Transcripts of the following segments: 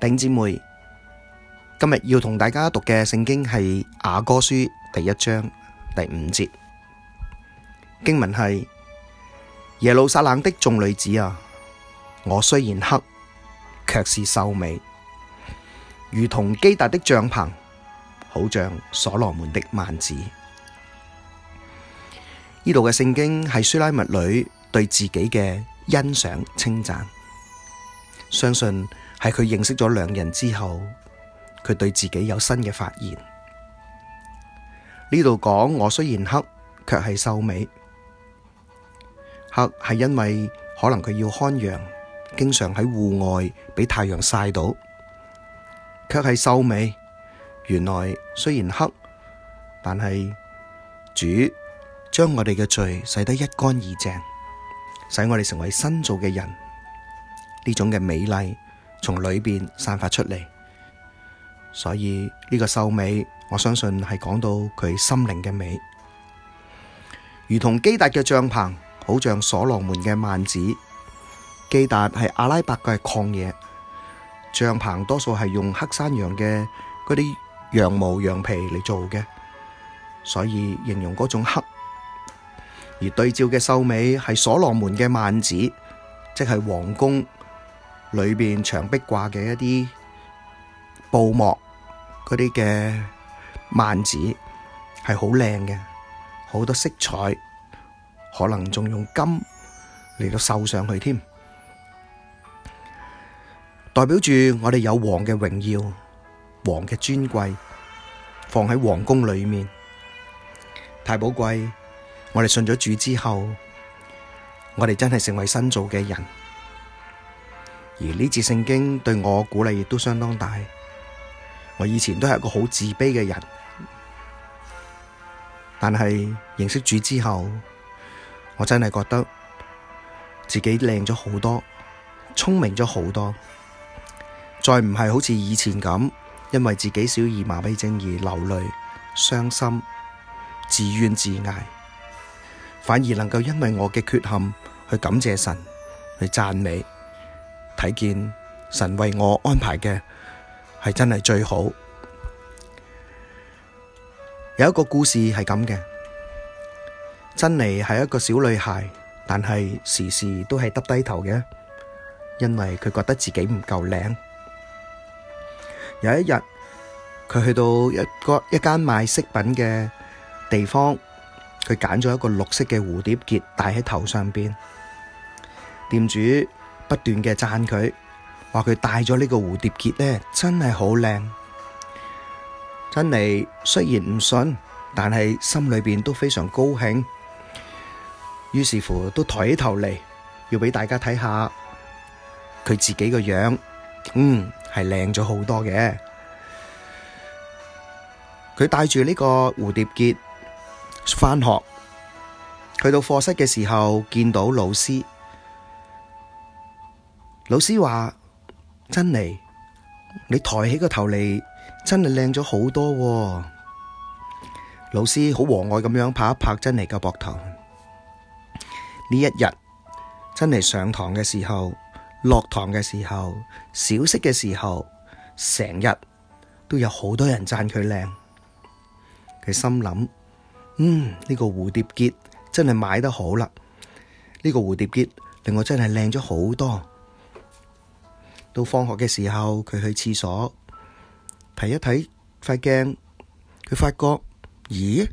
弟姐妹，今日要同大家讀嘅聖經係雅歌書第一章第五節。經文係：耶路撒冷的眾女子啊，我雖然黑，卻是秀美，如同基達的帳棚，好像所羅門的幔子。呢度嘅聖經係書拉密女對自己嘅欣賞稱讚，相信。係佢認識咗良人之後，佢對自己有新嘅發現。呢度講，我雖然黑，卻係秀美。黑係因為可能佢要看羊，經常喺戶外俾太陽晒到，卻係秀美。原來雖然黑，但係主將我哋嘅罪洗得一乾二淨，使我哋成為新造嘅人。呢種嘅美麗。從裏邊散發出嚟，所以呢個秀美，我相信係講到佢心靈嘅美，如同基達嘅帳棚，好像所羅門嘅幔子。基達係阿拉伯嘅，係曠野，帳棚多數係用黑山羊嘅嗰啲羊毛羊皮嚟做嘅，所以形容嗰種黑。而對照嘅秀美係所羅門嘅幔子，即係皇宮。裏邊牆壁掛嘅一啲布幕，嗰啲嘅幔子係好靚嘅，好多色彩，可能仲用金嚟到繡上去添，代表住我哋有王嘅榮耀、王嘅尊貴，放喺皇宮裏面，太寶貴。我哋信咗主之後，我哋真係成為新造嘅人。而呢節聖經對我鼓勵亦都相當大。我以前都係一個好自卑嘅人，但係認識主之後，我真係覺得自己靚咗好多，聰明咗好多，再唔係好似以前咁，因為自己小兒麻痹症而流淚、傷心、自怨自艾，反而能夠因為我嘅缺陷去感謝神，去讚美。睇見神為我安排嘅係真係最好。有一個故事係咁嘅，珍妮係一個小女孩，但係時時都係耷低頭嘅，因為佢覺得自己唔夠靚。有一日，佢去到一個一間賣飾品嘅地方，佢揀咗一個綠色嘅蝴蝶結戴喺頭上邊。店主。不斷嘅讚佢，話佢戴咗呢個蝴蝶結咧，真係好靚。珍妮雖然唔信，但係心裏邊都非常高興。於是乎都抬起頭嚟，要畀大家睇下佢自己個樣。嗯，係靚咗好多嘅。佢戴住呢個蝴蝶結返學，去到課室嘅時候見到老師。老師話：珍妮，你抬起個頭嚟，真係靚咗好多喎。老師好和藹咁樣拍一拍珍妮個膊頭。呢一日，珍妮上堂嘅時候、落堂嘅時候、小息嘅時候，成日都有好多人讚佢靚。佢心諗：嗯，呢個蝴蝶結真係買得好啦。呢個蝴蝶結令我真係靚咗好多。到放學嘅時候，佢去廁所睇一睇塊鏡，佢發覺，咦，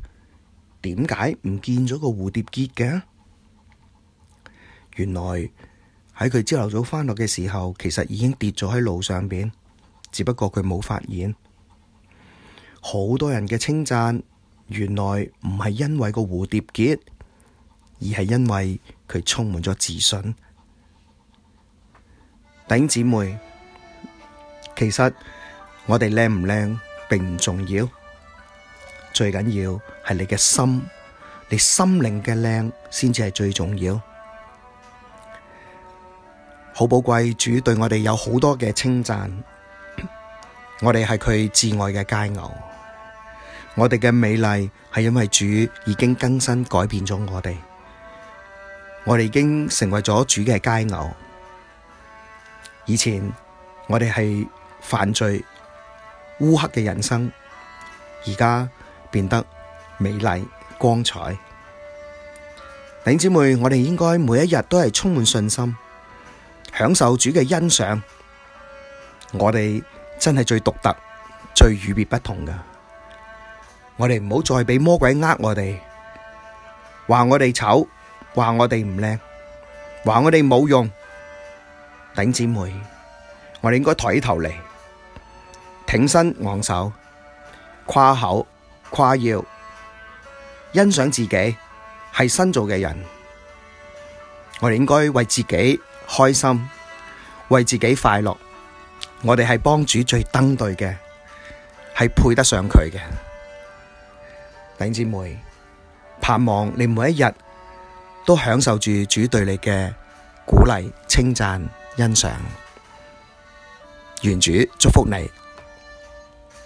點解唔見咗個蝴蝶結嘅？原來喺佢朝頭早翻學嘅時候，其實已經跌咗喺路上邊，只不過佢冇發現。好多人嘅稱讚，原來唔係因為個蝴蝶結，而係因為佢充滿咗自信。弟兄姊妹，其實我哋靚唔靚並唔重要，最緊要係你嘅心，你心靈嘅靚先至係最重要。好寶貴，主對我哋有好多嘅稱讚，我哋係佢至愛嘅佳偶。我哋嘅美麗係因為主已經更新改變咗我哋，我哋已經成為咗主嘅佳偶。以前我哋係犯罪烏黑嘅人生，而家變得美麗光彩。弟兄姊妹，我哋應該每一日都係充滿信心，享受主嘅欣賞。我哋真係最獨特、最與別不同㗎。我哋唔好再畀魔鬼呃我哋，話我哋醜，話我哋唔靚，話我哋冇用。頂姊妹，我哋應該抬起頭嚟，挺身昂首，誇口誇耀，欣賞自己係新造嘅人。我哋應該為自己開心，為自己快樂。我哋係幫主最登對嘅，係配得上佢嘅。頂姊妹，盼望你每一日都享受住主對你嘅鼓勵稱讚。欣賞，願主祝福你。